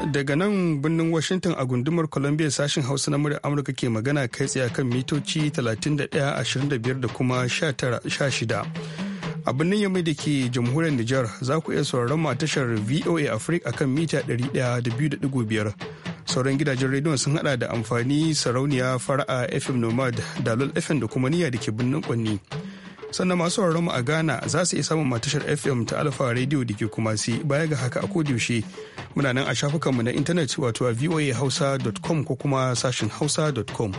Daga nan birnin Washington a gundumar Columbia sashen Hausa na murya Amurka ke magana kai tsaye kan mitoci 31.25 da kuma 19.16. A birnin Yamai da ke jamhuriyar Nijar za ku iya sauraron ma tashar VOA Africa kan mita 102.5. Sauran gidajen rediyon sun hada da amfani sarauniya fara'a FM Nomad, Dalol FM da kuma niyya da ke birnin Kwanni. sannan masu sauraron mu a Ghana za su iya samun matashar FM ta Alfa Radio da ke kuma si baya ga haka a yaushe muna nan a shafukanmu na intanet wato a voahausa.com ko kuma sashin hausa.com.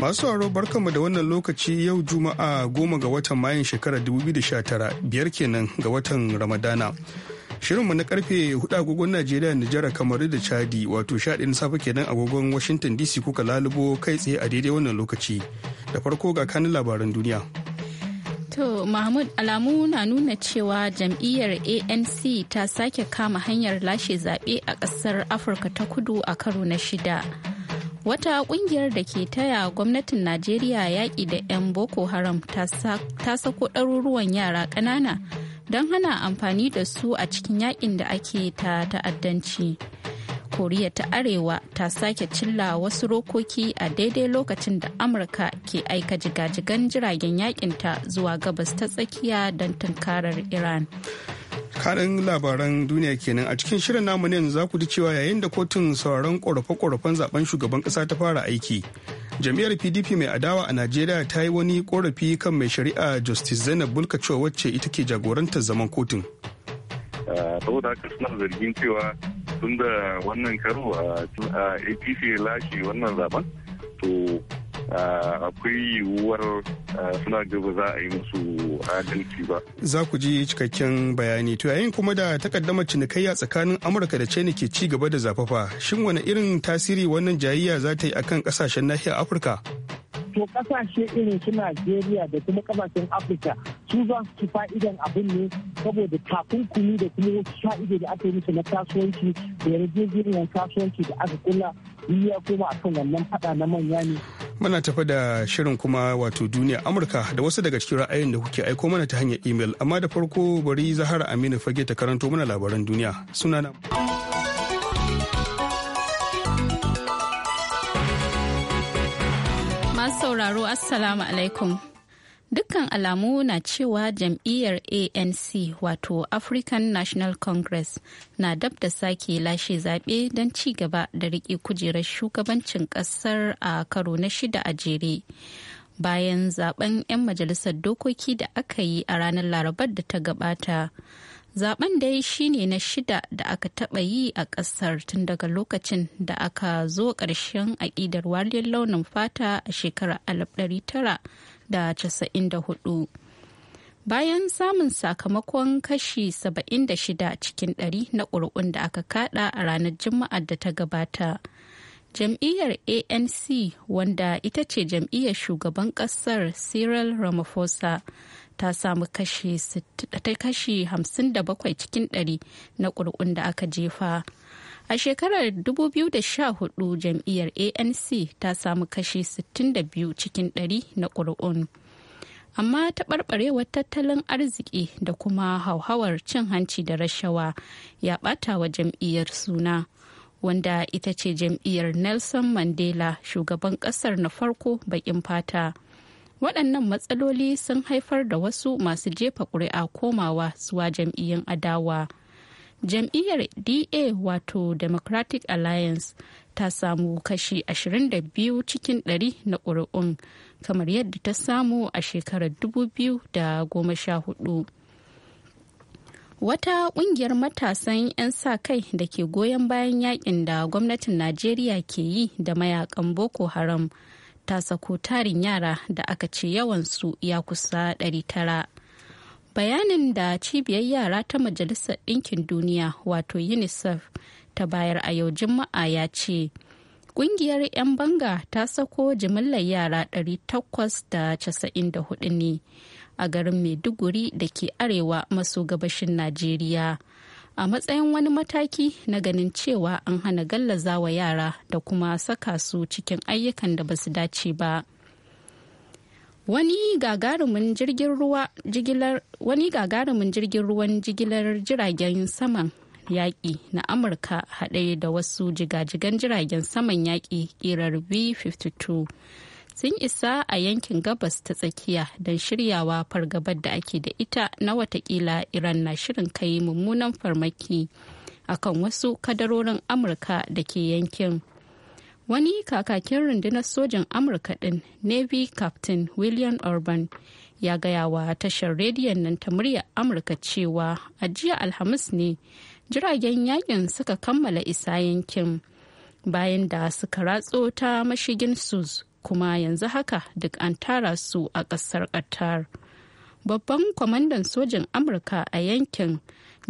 masu sauraro barkanmu da wannan lokaci yau juma'a goma ga watan mayun shekarar 2019 biyar kenan ga watan ramadana Shirinmu na karfe hudu agogon Najeriya, Nijar, Kamaru da Chadi wato shaɗin safe kenan agogon Washington DC kuka lalubo kai tsaye a daidai wannan lokaci. Da farko ga kanin labaran duniya. To Mahmud alamu na nuna cewa jam'iyyar ANC ta sake kama hanyar lashe zaɓe a ƙasar Afirka ta kudu a karo na shida. Wata ƙungiyar da ke taya gwamnatin Najeriya yaƙi da 'yan Boko Haram ta sako ɗaruruwan yara ƙanana don hana amfani da su a cikin yakin da ake ta ta'addanci. koriya ta arewa ta sake cilla wasu rokoki a daidai lokacin da amurka ke aika jigajigan jiragen yakinta zuwa gabas ta tsakiya don tunkarar iran karin labaran duniya kenan a cikin shirin namu ne za ku ji cewa yayin da kotun sauran korafe-korafen zaben shugaban kasa ta fara aiki jam'iyyar pdp mai adawa a najeriya ta yi wani korafi kan mai shari'a justice zainab bulka cewa wacce ita ke jagorantar zaman kotun ah, saboda haka suna zargin cewa tun da wannan karo ah, a apc ya lashe wannan zaben to Eh, akwai yiwuwar eh, suna gaba za a yi musu adalci ba. Za ku ji cikakken bayani to yayin kuma da takaddamar cinikayya tsakanin Amurka da China ke ci gaba da zafafa shin wani irin tasiri wannan jayayya za ta yi akan kasashen nahiyar Afirka? to kasashe irin su najeriya da kuma kasashen afirka su za su fa'idan abin ne saboda takunkumi da kuma wasu sha'ide da aka yi musu na kasuwanci da yarjejeniyar kasuwanci da aka kula ya koma akan wannan fada na manya ne muna tafi da shirin kuma wato duniya amurka da wasu daga cikin ra'ayin da kuke aiko mana ta hanyar imel amma da farko bari zahara aminu fage ta karanto mana labaran duniya sunana. sauraro Assalamu alaikum. Dukkan alamu na cewa jam'iyyar ANC wato African National Congress na dab da sake lashe zaɓe don ci gaba da riƙe kujerar shugabancin ƙasar a karo na shida a jere. Bayan zaben 'yan majalisar dokoki da aka yi a ranar larabar da ta gabata. zaben dai shine na shida da aka taɓa yi a ƙasar tun daga lokacin da aka zo ƙarshen aƙidar wariyar launin fata a shekarar 1994 bayan samun sakamakon kashi 76 cikin 100 na ƙuri'un da aka kada a ranar juma'ar da ta gabata jam'iyyar anc wanda ita ce jam'iyyar shugaban ƙasar cyril ramaphosa ta samu kashi 57 cikin 100 na ƙuri'un da aka jefa. A shekarar 2014 jam'iyyar ANC ta samu kashi 62 cikin 100 na ƙuri'un. Amma ta taɓarɓarewar tattalin arziki da kuma hauhawar cin hanci da rashawa ya ɓata wa jam'iyyar suna. Wanda ita ce jam'iyyar Nelson Mandela shugaban ƙasar na farko baƙin fata. waɗannan matsaloli sun haifar da wasu masu jefa ƙuri'a komawa zuwa jam'iyyun adawa jam'iyyar da wato democratic alliance ta samu kashi 22 cikin 100 na ƙuri'un kamar yadda ta samu a shekarar 2014 wata ƙungiyar matasan 'yan sa kai da ke goyon bayan yakin da gwamnatin najeriya ke yi da mayakan boko haram ta sako tarin yara da aka ce yawansu ya kusa 900. Bayanin da cibiyar yara ta Majalisar Ɗinkin Duniya wato UNICEF ta bayar a yau Juma'a ya ce, Ƙungiyar 'yan banga ta sako jimillar yara 894 ne a garin Maiduguri da ke arewa maso gabashin Najeriya. a matsayin wani mataki na ganin cewa an hana gallaza wa yara da kuma saka su cikin ayyukan da ba su dace ba. Wani gagarumin jirgin ruwan jigilar jiragen saman yaƙi na Amurka haɗe da wasu jigajigan jiragen saman yaƙi ƙirar B-52 sun isa a yankin gabas ta tsakiya don shiryawa fargabar da ake da ita na watakila iran na shirin kai mummunan farmaki akan wasu kadarorin amurka da ke yankin wani kakakin rundunar sojin amurka din navy captain william urban ya gaya wa tashar rediyon nan ta murya amurka cewa a jiya alhamis ne jiragen yakin suka kammala isa yankin bayan da suka ratso ta mashigin sus kuma yanzu haka duk an tara su a ƙasar qatar babban kwamandan sojin amurka a yankin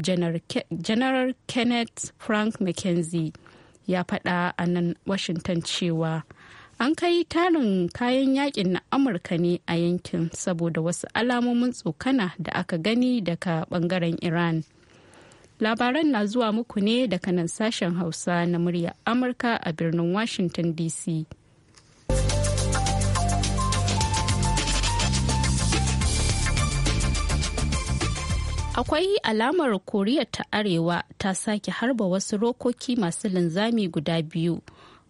general kenneth frank mckenzie ya faɗa a nan washington cewa an kai tarin kayan yakin na amurka ne a yankin saboda wasu alamomin tsokana da aka gani daga bangaren iran labaran na zuwa muku ne daga nan sashen hausa na murya amurka a birnin washington dc akwai alamar koriya ta arewa ta sake harba wasu rokoki masu linzami guda biyu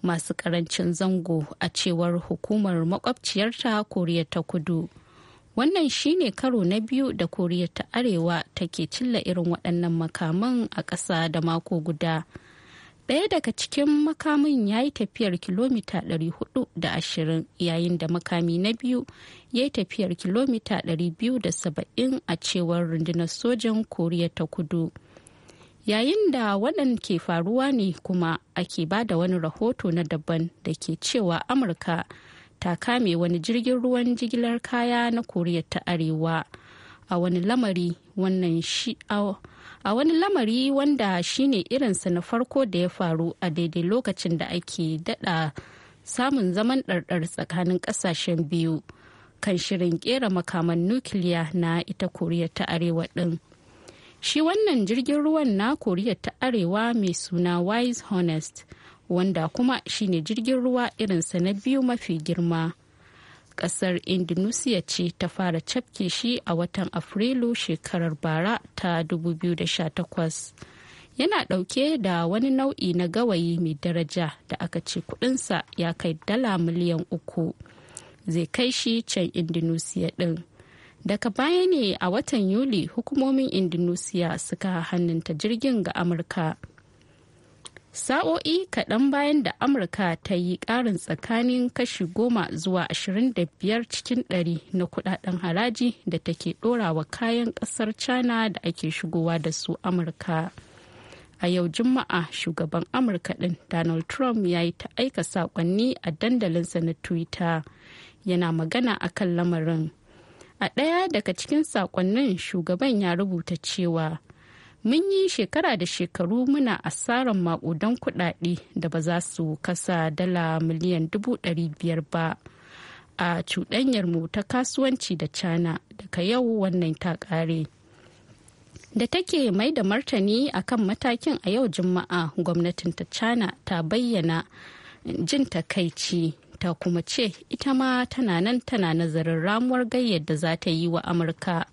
masu karancin zango a cewar hukumar makwabciyarta koriya ta kudu wannan shine karo na biyu da koriya ta arewa take cilla irin waɗannan makaman a ƙasa da mako guda ɗaya daga cikin makamin ya yi tafiyar kilomita 420 yayin da makami na biyu ya yi tafiyar kilomita 270 a cewar rundunar sojan koriya ta kudu yayin da waɗan ke faruwa ne kuma ake ba da wani rahoto na daban da ke cewa amurka ta kame wani jirgin ruwan jigilar kaya na koriya ta arewa a wani lamari wannan shi'a a wani lamari wanda shine irinsa na farko da ya faru a daidai lokacin da ake dada samun zaman ɗarɗar tsakanin ƙasashen biyu kan shirin kera makaman nukiliya na ita koriya ta arewa ɗin shi wannan jirgin ruwan na koriya ta arewa mai suna wise honest wanda kuma shine jirgin ruwa irinsa na biyu mafi girma kasar indonesia ce ta fara cafke shi a watan afrilu shekarar bara ta 2018 yana dauke da wani nau'i na gawayi mai daraja da aka ce kudinsa ya kai dala miliyan uku zai kai shi can indonesia ɗin daga baya ne a watan yuli hukumomin indonesia suka hannunta jirgin ga amurka sa'o'i kaɗan bayan da amurka ta yi ƙarin tsakanin kashi goma zuwa ashirin da biyar cikin ɗari na kuɗaɗen haraji da take ɗorawa kayan ƙasar china da ake shigowa da su amurka a yau juma'a shugaban amurka ɗin donald trump ya yi ta aika saƙonni a dandalinsa na twitter yana magana a kan lamarin a ɗaya daga cikin saƙonnin shugaban ya rubuta cewa mun yi shekara da shekaru muna asarar maƙudan kuɗaɗe da ba za su kasa dala miliyan dubu ɗari biyar ba a cuɗanyar mu ta kasuwanci da cana daga yau wannan ta ƙare da take mai da martani a kan matakin a yau juma'a gwamnatin ta cana ta bayyana jin takaici ta kuma ce ita ma tana nan tana nazarin ramuwar gayyar da za ta yi wa amurka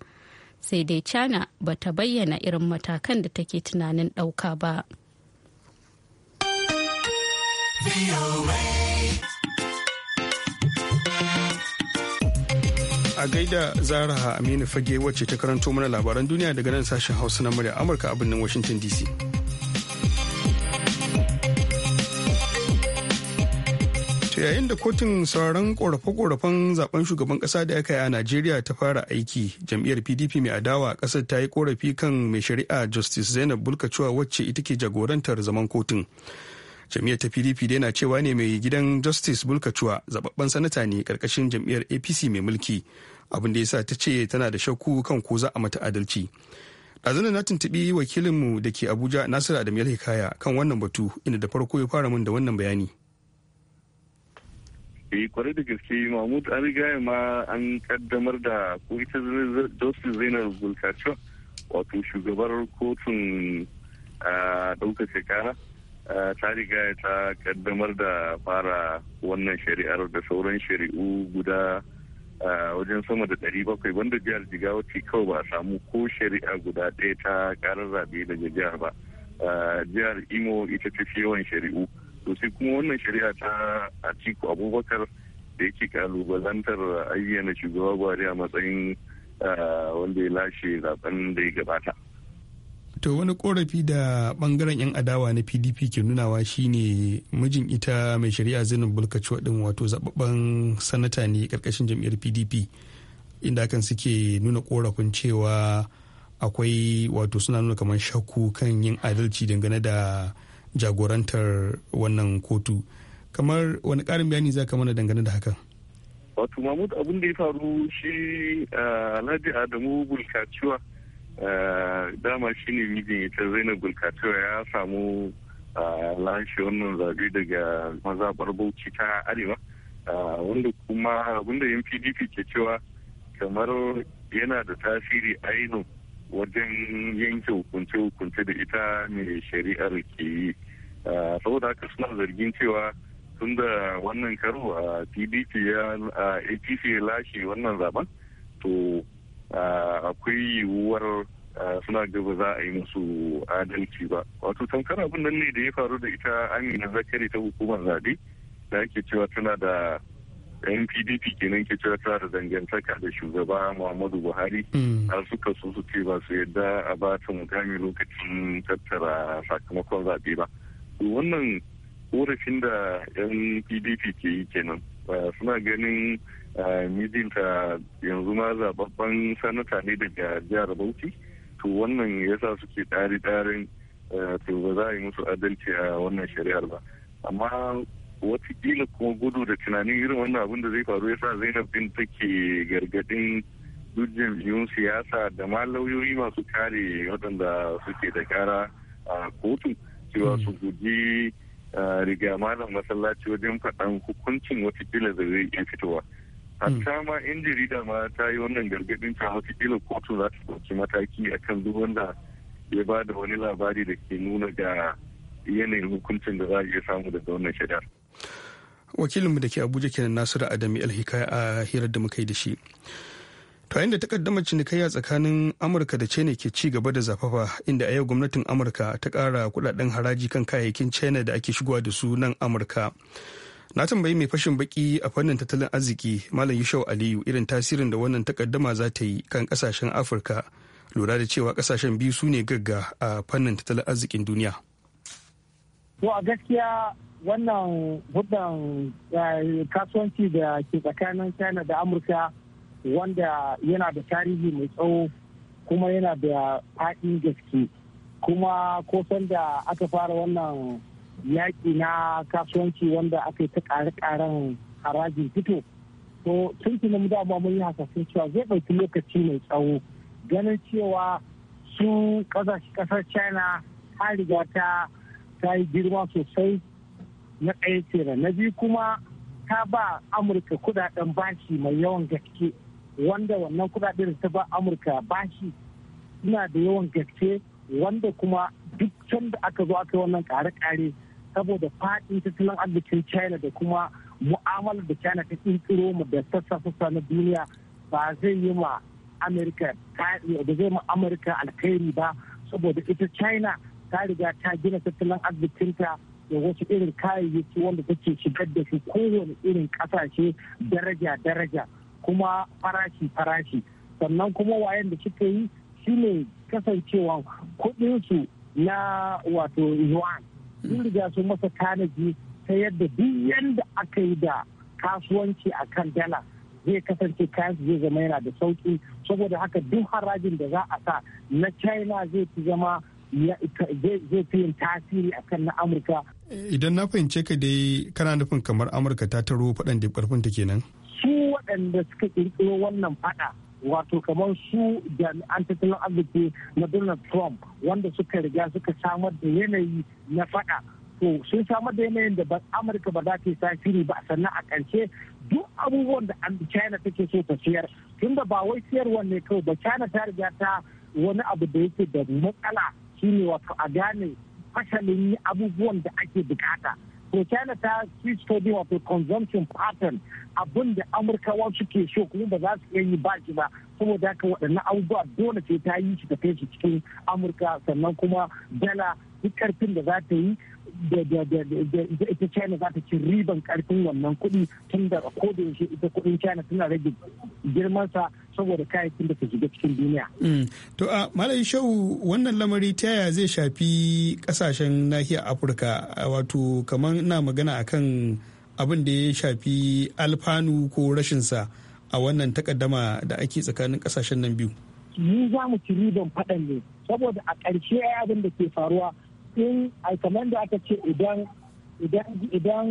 sai dai china ba ta bayyana irin matakan da take tunanin ɗauka ba. a gaida ha aminu fage wacce ta karanto mana labaran duniya daga nan sashen hausa na murya amurka a birnin washington dc yayin da kotun sauran korafe-korafen zaben shugaban kasa da aka yi a najeriya ta fara aiki jam'iyyar pdp mai adawa kasar ta yi korafi kan mai shari'a justice zainab bulka cewa wacce ita ke jagorantar zaman kotun jam'iyyar ta pdp dai na cewa ne mai gidan justice bulka cewa zababben sanata ne karkashin jam'iyyar apc mai mulki abin da ya sa ta ce tana da shakku kan ko za a mata adalci ɗazuna na tuntuɓi wakilinmu da ke abuja nasiru adam hikaya kan wannan batu inda da farko ya fara min da wannan bayani eh kwarai da gaske mahmud an riga ma an kaddamar da ko ita justice zainab gulkacewa wato shugabar kotun ɗaukar kara ta riga ta kaddamar da fara wannan shari'ar da sauran shari'u guda wajen sama da ɗari bakwai wanda jihar jigawa ce kawai ba a samu ko shari'a guda ɗaya ta karar zaɓe daga jihar ba jihar imo ita ta fi yawan shari'u to sai kuma wannan shari'a ta a ciko abubakar da yake kalubalantar ayyana shugaba buhari a matsayin ah, wanda ya lashe zaben da ya gabata to wani korafi da bangaren yan adawa na pdp ke nunawa shine mijin ita mai shari'a zinin bulkacewa din wato zababben sanata ne karkashin jam'iyyar pdp inda kan suke nuna korafin cewa akwai wato suna nuna kamar shakku kan yin adalci dangane da jagorantar wannan kotu kamar wani ƙarin bayani za ka mana dangane da hakan wato mahmud abin da ya faru shi ah, alhaji adamu gulkaciwa ah, dama shi ne mijin ita zainab gulkaciwa ya samu ah, lashe wannan zabe daga mazaɓar bauchi ta arewa wanda kuma abin da yan pdp ke cewa kamar yana da tasiri ainihin wajen yanke hukunce-hukunce da ita mai shari'ar ke yi saboda haka suna zargin cewa tun da wannan karo a pdp ya apc ya lashe wannan zaben to akwai yiwuwar suna gaba za a yi musu adalci ba wato tamkar abin nan ne da ya faru da ita amina zakari ta hukumar zabe da ake cewa tana da yan pdp kenan ke cewa ta da dangantaka da shugaba muhammadu buhari mm. har suka so su ce ba su yadda a ba ta mukami lokacin tattara sakamakon zaɓe ba To wannan korafin da yan pdp ke yi kenan suna ganin mijinta yanzu ma zababban sanata ne daga jihar bauchi to wannan ya sa suke tsari-tsarin to ba za a yi musu adalci a wannan shari'ar ba amma watakila kuma gudu da tunanin irin wannan abin da zai faru ya sa zainab din take gargadin duk jam'iyyun siyasa da ma lauyoyi masu kare waɗanda suke da kara a kotu cewa su hmm. guji riga malam masallaci wajen faɗan hukuncin watakila da zai iya fitowa hmm. hatta ma in jarida ma ta yi wannan gargadin ta watakila kotu za ta ɗauki mataki akan duk wanda ya ba da wani labari da ke nuna ga yanayin hukuncin da za a iya samu daga wannan shari'ar. wakilinmu da ke abuja ke kenan nasiru adami alhikaya a hirar da muka yi da shi to yayin da takaddamar cinikayya tsakanin amurka da china ke ci gaba da zafafa inda a yau gwamnatin amurka ta kara kudaden haraji kan kayayyakin china da ake shigowa da su nan amurka na tambayi mai fashin baki a fannin tattalin arziki malam yushau aliyu irin tasirin da wannan takaddama za ta yi kan kasashen afirka lura da cewa kasashen biyu su ne gagga a fannin tattalin arzikin duniya to a gaskiya wannan hudun eh, kasuwanci da ke tsakanin china da amurka wanda yana da tarihi mai tsawo kuma yana da faɗin gaske kuma ko da aka fara wannan yaƙi na kasuwanci wanda aka yi ta ƙare-ƙaren harajin fito to tun tunan dama mun yi hasashen cewa zai ɗauki lokaci mai tsawo ganin cewa su ƙasar china har riga ta ta yi girma sosai na ɗaya kenan na biyu kuma ta ba amurka kudaden bashi mai yawan gaske wanda wannan kudaden ta ba amurka bashi suna da yawan gaske wanda kuma duk can da aka zo aka yi wannan kare-kare saboda fadin tattalin arzikin china da kuma mu'amalar da china ta kirkiro mu da sassa na duniya ba zai yi ma amurka alkhairi ba saboda ita china ta riga ta gina tattalin arzikinta da wasu irin kayayyaki wanda take shigar da su kowane irin kasashe daraja-daraja kuma farashi-farashi sannan kuma wayan da suka yi shine kasancewa kudinsu na wato yuan sun riga sun masa tanaji ta yadda duk yadda aka yi da kasuwanci a kan dala zai kasance kayan su zai zama yana da sauki saboda haka duk harajin da za a sa na china zai fi zama zai fi yin tasiri akan na amurka idan na fahimce ka dai kana nufin kamar amurka ta taro faɗan da ƙarfin ta kenan su waɗanda suka ƙirƙiro wannan faɗa wato kamar su jami'an tattalin arziki na donald trump wanda suka riga suka samar da yanayi na faɗa to sun samar da yanayin da amurka ba za ta yi tasiri ba sannan a ƙarshe duk abubuwan da china take so ta siyar tunda ba wai siyarwa ne kawai ba china ta riga ta wani abu da yake da matsala shine wato a gane fasalin abubuwan da ake bukata to china ta ci study wato consumption pattern abin da amurkawa suke so kuma ba za su iya yi ba shi ba saboda haka waɗanne abubuwa dole sai ta yi shi ta kai shi cikin amurka sannan kuma dala duk karfin da za ta yi da ita china za ta ci riban karfin wannan kuɗi tun da ko da ita kuɗin china tana rage girman sa saboda kayayyakin da ta shiga cikin duniya. Mm. to a malai shau wannan lamari ta yaya zai shafi kasashen nahiyar afirka wato kamar na magana akan abin da ya shafi alfanu ko rashinsa a wannan takaddama da ake tsakanin kasashen nan biyu. mu za mu ci riban faɗan ne saboda a ƙarshe abin da ke faruwa in kamar da aka ce idan idan idan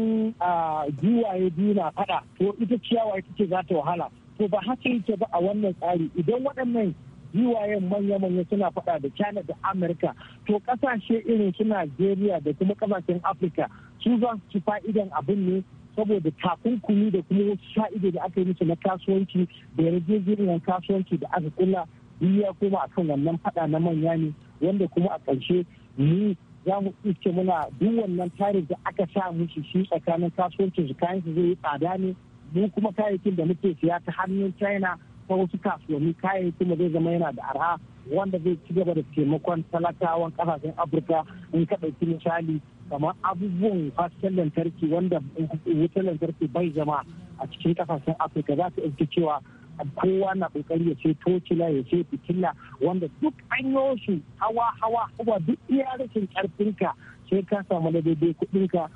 giwaye biyu na fada to ita ciyawa ita ce za ta wahala to ba haka yake ba a wannan tsari idan waɗannan giwayen manya-manya suna fada da china da amurka to kasashe irin su najeriya da kuma kasashen afirka su za su ci fa'idan abin ne saboda takunkumi da kuma wasu sha'ido da aka yi musu na kasuwanci da yarjejeniyar kasuwanci da aka kula duk ya koma akan wannan fada na manya ne wanda kuma a ƙarshe ni za mu iske muna duk wannan tarin da aka sa musu shi tsakanin kasuwancin su kayan su zai yi tsada ne mu kuma kayayyakin da muke siya ta hannun china ta wasu kasuwanni kayayyakin da zai zama yana da arha wanda zai ci gaba da taimakon talakawan kasashen afirka in ka ɗauki misali kamar abubuwan hasken lantarki wanda wutar lantarki bai zama a cikin kasashen afirka za ka iske cewa kowa na kokari ya ce tocila ya ce fitila wanda duk an shi hawa hawa hawa duk iya rashin karfinka sai ka samu na daidai ka.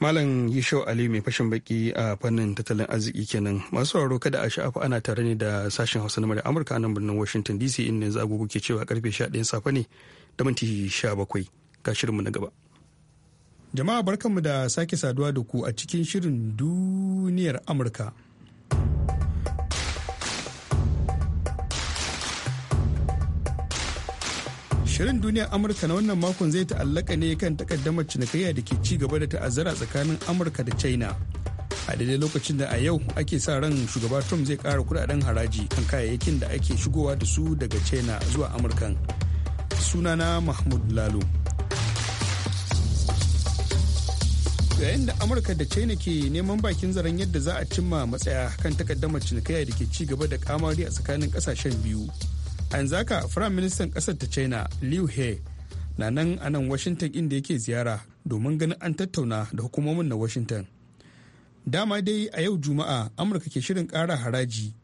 Malam Yisho Ali mai fashin baki a fannin tattalin arziki kenan masu sauraro kada a sha'afa ana tare ne da sashen Hausa na Amurka a nan birnin Washington DC inda yanzu agogo ke cewa karfe 11 safe ne da minti 17 ga shirinmu na gaba. Jama'a barkanmu da sake saduwa da ku a cikin shirin duniyar Amurka. Shirin duniyar Amurka na wannan makon zai ta'allaka ne kan takaddamar cinikayya da ke ci gaba da ta'azzara tsakanin Amurka da China. A daidai lokacin da a yau ake sa ran shugaba Trump zai kara kudaden haraji kan kayayyakin da ake shigowa da su daga China zuwa Amurkan. Sunana Mahmud Lalo. yayin da amurka da china ke neman bakin zaren yadda za a cimma matsaya kan takaddamar cinikayya da ke ci gaba da kamari a tsakanin kasashen biyu a yanzu haka firayim ministan kasar ta china liu he na nan a nan washington inda yake ziyara domin ganin an tattauna da hukumomin na washington dama dai a yau juma'a amurka ke shirin kara haraji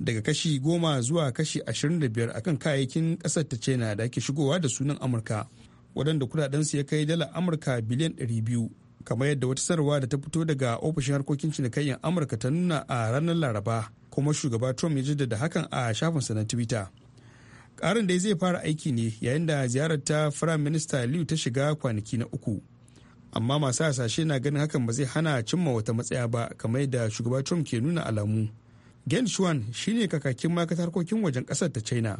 daga kashi goma zuwa kashi ashirin da biyar akan kayayyakin kasar ta china da ake shigowa da sunan amurka waɗanda kudadensu ya kai dala amurka biliyan 200 kamar yadda wata sarwa da ta fito daga ofishin harkokin cinikayyar amurka ta nuna a ranar laraba kuma shugaba trump ya jaddada hakan a shafinsa na twitter karin da zai fara aiki ne yayin da ziyarar ta firayim minista liu ta shiga kwanaki na uku amma masu hasashe na ganin hakan ba zai hana cimma wata matsaya ba kamar da shugaba trump ke nuna alamu gen shuan shine kakakin ma'aikatar harkokin wajen kasar ta china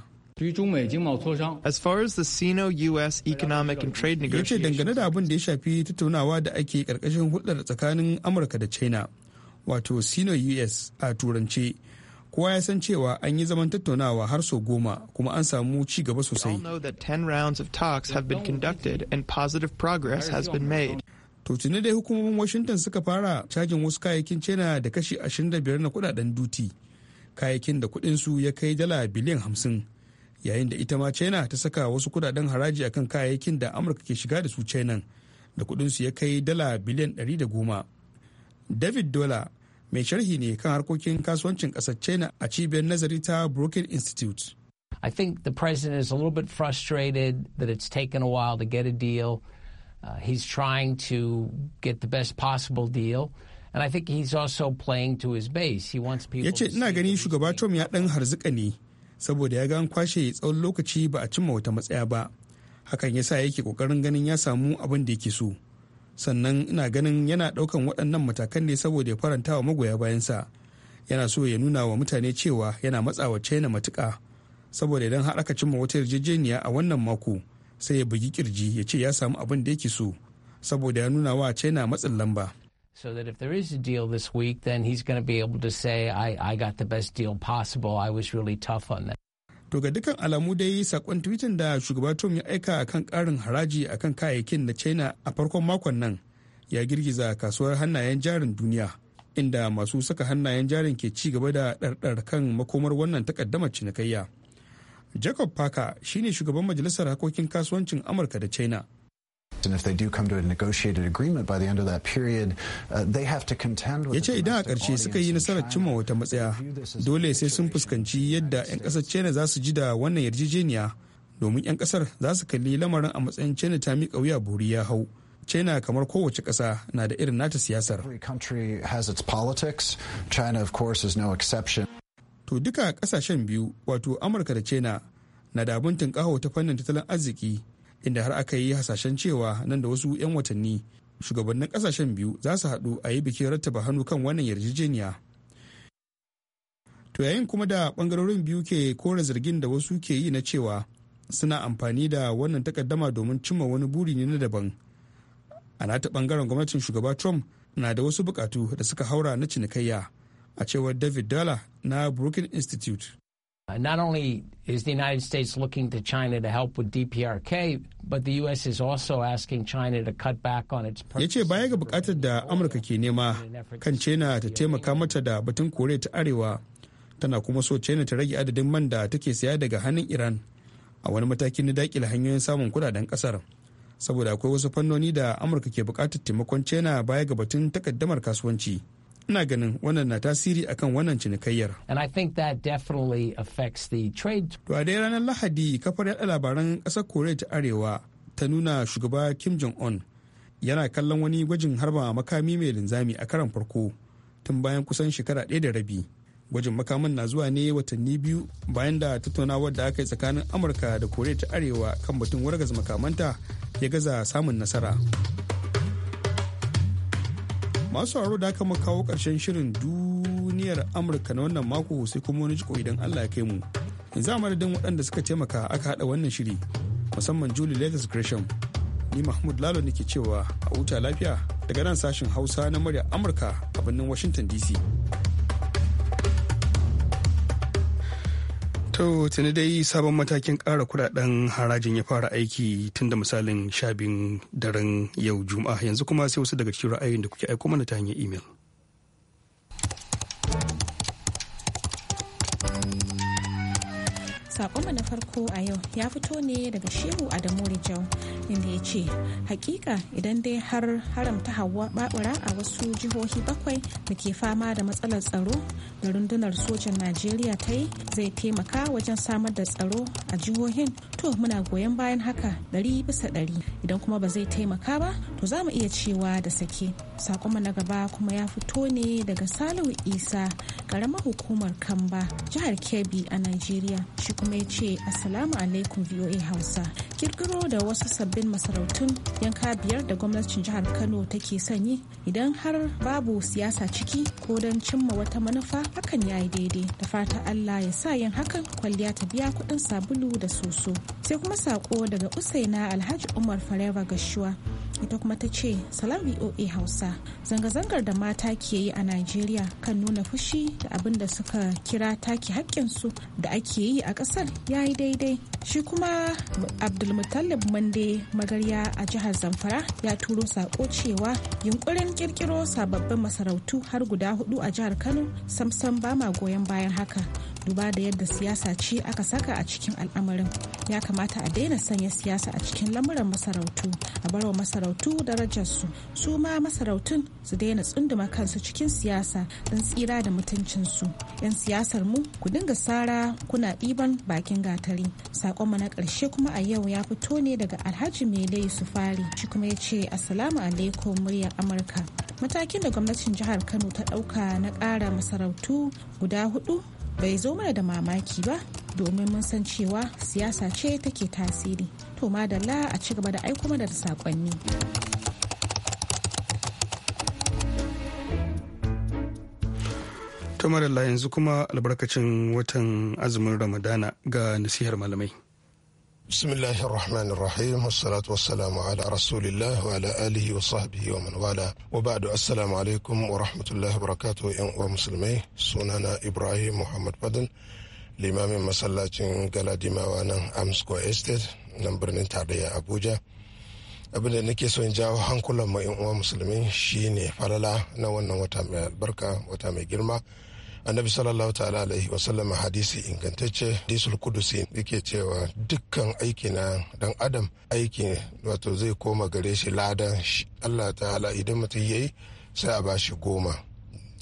As far as the Sino-US economic and trade negotiations. Yace dangane da abin da ya shafi tattaunawa da ake karkashin hulɗar tsakanin Amurka da China, wato Sino-US a turance, kowa ya san cewa an yi zaman tattaunawa har sau goma kuma an samu ci gaba sosai. To tuni dai hukumomin Washington suka fara cajin wasu kayayyakin China da kashi 25 na kudaden duti. Kayayyakin da kudin su ya kai dala biliyan hamsin Yayin da ita ma China ta saka wasu kudaden haraji akan kayayyakin da Amurka ke shiga da su China da kudin su ya kai dala biliyan 110. David dollar. mai sharhi ne kan harkokin kasuwancin ƙasar china a cibiyar nazari ta brookings institute I think the president is a little bit frustrated that it's taken a while to get a deal. Uh, he's trying to get the best possible deal. And I think he's also playing to his base. He wants people Yace ina gani shugaba Trump ya dan harzika ne saboda ya ga an kwashe tsawon lokaci ba a cimma wata matsaya ba. Hakan yasa yake kokarin ganin ya samu abin da yake so. sannan ina ganin yana daukan waɗannan matakan ne saboda ya faranta wa magoya bayansa yana so ya nuna wa mutane cewa yana matsawa china matuka saboda idan har aka cimma wata yarjejeniya a wannan mako sai ya bugi kirji ya ce ya samu abin da yake so saboda ya nuna wa china matsin lamba so that if there is a deal this week then he's going to be able to say I, I got the best deal possible I was really tough on that To ga dukkan alamu dai sakon twitin da shugaban Trump ya aika kan karin haraji akan kayayyakin na China a farkon makon nan ya girgiza kasuwar hannayen jarin duniya inda masu saka hannayen jarin ke ci gaba da ɗarɗar kan makomar wannan takaddamar cinikayya. Jacob Parker shine shugaban majalisar harkokin kasuwancin Amurka da China Uh, ya ce idan a ƙarshe suka yi nasarar cimma wata matsaya, dole sai sun fuskanci yadda 'yan ƙasar China za su ji da wannan yarjejeniya domin 'yan ƙasar za su kalli lamarin a matsayin China ta miƙa wuya buri ya hau. china kamar kowace ƙasa na da irin nata siyasar to duka ƙasashen biyu wato amurka da china na da abin tunƙaho ta fannin tattalin arziki inda har aka yi hasashen cewa nan da wasu 'yan watanni shugabannin kasashen biyu za su haɗu a yi bikin rattaba hannu kan wannan yarjejeniya to yayin kuma da ɓangarorin biyu ke kore zargin da wasu ke yi na cewa suna amfani da wannan takaddama domin cimma wani buri ne na daban a nata ɓangaren gwamnatin shugaba trump na da wasu bukatu da suka haura na cinikayya a cewar david dollar na Brookings institute Uh, not only is the United States looking to China to help with DPRK, but the U.S. is also asking China to cut back on its. Ya ce baya ga bukatar da Amurka ke nema kan China ta taimaka mata da batun Koriya ta Arewa, tana kuma so China ta rage adadin man da take saya daga hannun Iran a wani matakin na dakile hanyoyin samun kudaden kasar. Saboda akwai wasu fannoni da Amurka ke bukatar taimakon China baya ga batun takaddamar kasuwanci. ina ganin wannan na tasiri akan wannan cinikayyar. And I think that definitely affects the trade. To a dai ranar Lahadi kafar yaɗa labaran ƙasar Koriya ta Arewa ta nuna shugaba Kim Jong-un yana kallon wani gwajin harba makami mai linzami a karan farko tun bayan kusan shekara ɗaya da rabi. Gwajin makamin na zuwa ne watanni biyu bayan da tattaunawar da aka yi tsakanin Amurka da Koriya ta Arewa kan batun wargaza makamanta ya gaza samun nasara. masu haro da aka kawo karshen shirin duniyar amurka na wannan mako sai kuma wani jiko idan allah ya kai mu yanzu a madadin waɗanda suka taimaka aka haɗa wannan shiri musamman julie latest gresham ni mahmud lalo nake cewa a huta lafiya daga nan sashen hausa na murya amurka a birnin washington dc To tuni dai sabon matakin ƙara kudaden harajin ya fara aiki tun da misalin shabin daren yau juma'a yanzu kuma sai wasu daga cikin ra'ayin da kuke aiko mana ta hanyar imel. Sakonmu na farko a yau ya fito ne daga Shehu Adamu Rijau inda ya ce, "Hakika idan dai har haramta hawa babura a wasu jihohi bakwai da ke fama da matsalar tsaro da rundunar sojan Najeriya ta yi zai taimaka wajen samar da tsaro a jihohin to muna goyon bayan haka ɗari bisa ɗari idan kuma ba zai taimaka ba to za mu iya cewa da sake. Sakonmu na gaba kuma ya fito ne daga Salihu Isa, ƙaramar hukumar Kamba, jihar Kebbi a Najeriya. kuma ya ce Assalamu alaikum VOA Hausa. Kirkiro da wasu sabbin masarautun yanka biyar da gwamnatin jihar Kano take sanyi idan har babu siyasa ciki ko don cimma wata manufa hakan ya yi daidai da fata Allah ya sa yin hakan kwalliya ta biya kuɗin sabulu da soso. Sai kuma sako daga Usaina Alhaji Umar Forever Gashuwa ita kuma ta ce salam voa hausa zanga-zangar da mata ke yi a najeriya kan nuna fushi da abin da suka kira take haƙƙinsu da ake yi a ƙasar ya yi daidai shi kuma abdulmutallib mande magarya a jihar zamfara ya turo saƙo cewa yunkurin kirkiro sababbin masarautu har guda hudu a jihar kano samsam ba ma goyon bayan haka duba da yadda siyasa ce aka saka a cikin al'amarin ya kamata a daina sanya siyasa a cikin lamuran masarautu a bar wa masarautu darajarsu su ma masarautun su daina tsunduma kansu cikin siyasa don tsira da mutuncinsu yan siyasar mu ku dinga sara kuna ɗiban bakin gatari mu na ƙarshe kuma a yau ya fito ne daga alhaji mele sufari shi kuma ya ce assalamu alaikum muryar amurka matakin da gwamnatin jihar kano ta ɗauka na ƙara masarautu guda hudu bai zo mana da mamaki ba domin mun san cewa siyasa ce take tasiri to madalla a ci gaba da aiko mana da saƙonni. ta madalla yanzu kuma albarkacin watan azumin ramadana ga nasihar malamai bismillahir rahmanir rahim wassalatu wassalamu ala rasulillah wa ala alihi wa sahbihi wa man wala wa ba'du assalamu alaikum wa rahmatullahi wa barakatuh yan uwa musulmai sunana ibrahim muhammad fadl limamin masallacin galadimawa nan amsco estate nan birnin tarayya abuja abinda nake so in jawo hankulan ma yan uwa musulmi shine falala na wannan wata mai albarka wata mai girma annabi sallallahu ta'ala alaihi wasallam hadisi ingantacce disul kudusi yake cewa dukkan aiki na dan adam aiki wato zai koma gare shi ladan allah ta'ala idan mutum yayi sai a ba shi goma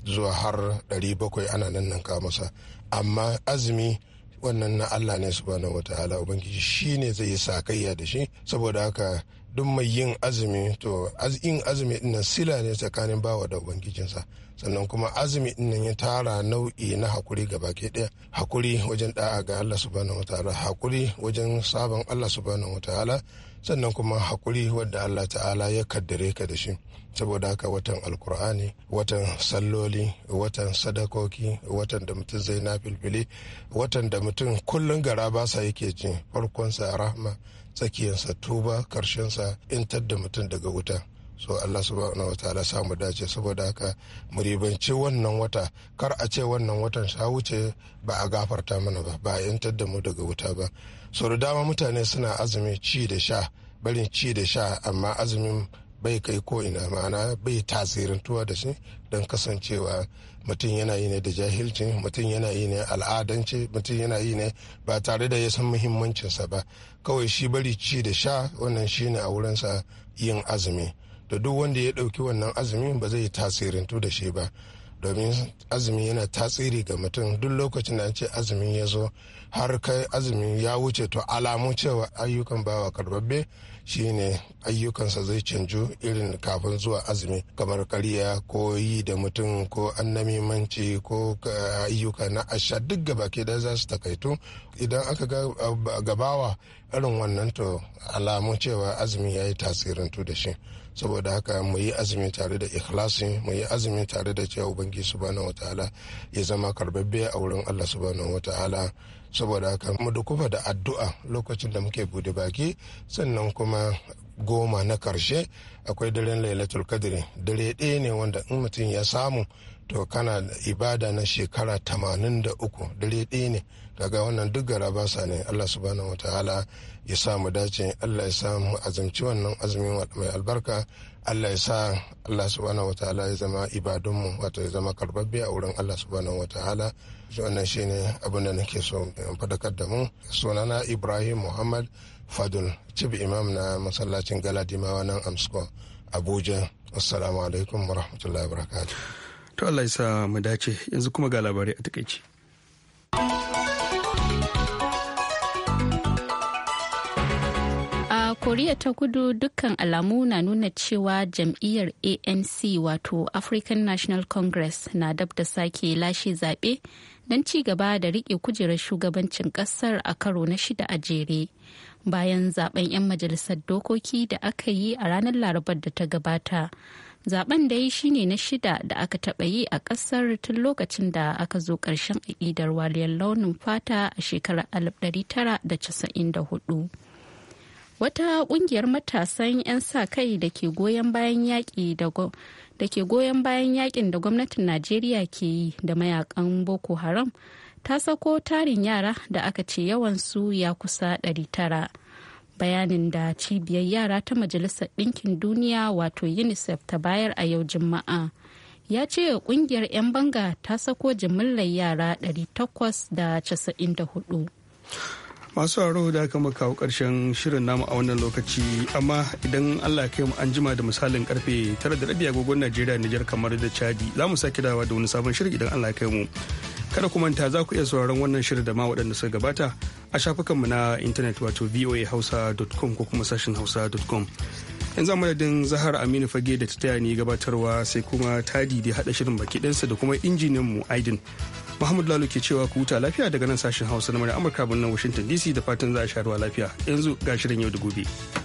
zuwa har 700 ana nan nan masa amma azumi wannan na Allah ne subhanahu wataala ubangiji ne zai yi sakayya da shi saboda haka duk mai yin azumi to yin azumi din nan sila ne tsakanin bawa da ubangijinsa sannan kuma azumi din nan ya tara nau'i na hakuri ga baki daya hakuri wajen da'a ga Allah subhanahu wataala hakuri wajen sabon Allah subhanahu wataala sannan kuma haƙuri wadda Allah ta'ala ya kaddare ka da shi saboda haka watan alkur'ani watan salloli watan sadakoki watan da mutum zai na filfili watan da mutum kullum gara basa yake ji farkonsa rahma tsakiyarsa tuba karshensa intar da mutum daga wuta so Allah subhanahu wa ta'ala samu dace saboda haka mu ribanci wannan wata kar a ce wannan watan sha wuce ba a gafarta mana ba ba a yantar da mu daga wuta ba sau da dama mutane suna azumin ci da sha barin ci da sha amma azumin bai kai ko ina ma'ana bai tasirantuwa da shi don kasancewa mutum yana yi ne da jahilci mutum yana yi ne al'adance mutum yana yi ne ba tare da ya san muhimmancinsa ba kawai shi bari ci da sha wannan shi ne a wurinsa yin azumi da duk wanda ya ɗauki wannan azumi ba zai tasirantu da shi ba domin azumi yana tasiri ga mutum duk lokacin da an ce azumi ya zo har kai azumi ya wuce to alamu cewa ayyukan bawa karbabbe shine ayyukansa zai canju irin kafin zuwa azumi kamar karya ko yi da mutum ko annamimanci ko eh, ayyuka na asha duk gaba ke da za su takaitu idan aka gabawa eh, irin wannan to alamu cewa azumi ya yi tasirin da shi saboda haka mu yi azumi tare da ikhlasi mu yi azumi tare da cewa ubangiji subhanahu wataala ya zama karbabbe a wurin Allah subhanahu wataala saboda haka mu dukufa da addu'a lokacin da muke bude baki sannan kuma goma na karshe akwai daren lailatul kadiri dare ɗaya ne wanda in mutum ya samu to kana ibada na shekara tamanin da uku dare ɗaya ne daga wannan duk ba sa ne allah subhanahu wa ta'ala ya sa mu dace allah ya sa mu azumci wannan azumin mai albarka allah ya sa allah subhanahu wa ta'ala ya zama ibadunmu wato ya zama karbabbe a wurin allah subhanahu wa ta'ala wannan shine abin da nake so in fadakar da mu sunana ibrahim muhammad fadul cib imam na masallacin galadimawa nan amsko abuja assalamu alaikum wa barakatuh To Allah ya sa mu dace yanzu kuma ga labarai a takaici. Koriya ta kudu dukkan alamu na nuna cewa jam'iyyar ANC wato African National Congress na dab da sake lashe zaɓe don ci gaba da riƙe kujerar shugabancin ƙasar a karo na shida a jere. Bayan zaben 'yan majalisar dokoki da aka yi a ranar larabar da ta gabata. zaben da shi shine na shida da aka taɓa yi a ƙasar tun lokacin da aka zo ƙarshen aƙidar wariyar launin fata a shekarar 1994 wata ƙungiyar matasan 'yan sa kai da ke goyon bayan yaƙi da ke goyon bayan yakin da gwamnatin najeriya ke yi da mayakan boko haram ta sako tarin yara da aka ce yawansu ya kusa 900 bayanin da cibiyar yara ta majalisar ɗinkin duniya wato unicef ta bayar a yau juma'a ya ce kungiyar 'yan banga ta sako jimillar yara 894 masu haro da aka kawo karshen shirin namu a wannan lokaci amma idan allah kai mu an jima da misalin karfe tara da rabi agogon najeriya nijar kamar da chadi za mu sake dawa da wani sabon shirin idan allah kai mu kada ku manta za ku iya sauraron wannan shirin da ma waɗanda suka gabata a shafukanmu na intanet wato voahausa.com ko kuma sashin hausa.com yanzu madadin zahar aminu fage da ta taya ni gabatarwa sai kuma tadi da haɗa shirin baki ɗansa da kuma mu aidin Muhammad Lalo ke cewa ku huta lafiya daga nan sashen Hausa na Amurka birnin Washington DC da fatan za a sha ruwa lafiya. Yanzu ga shirin yau da gobe.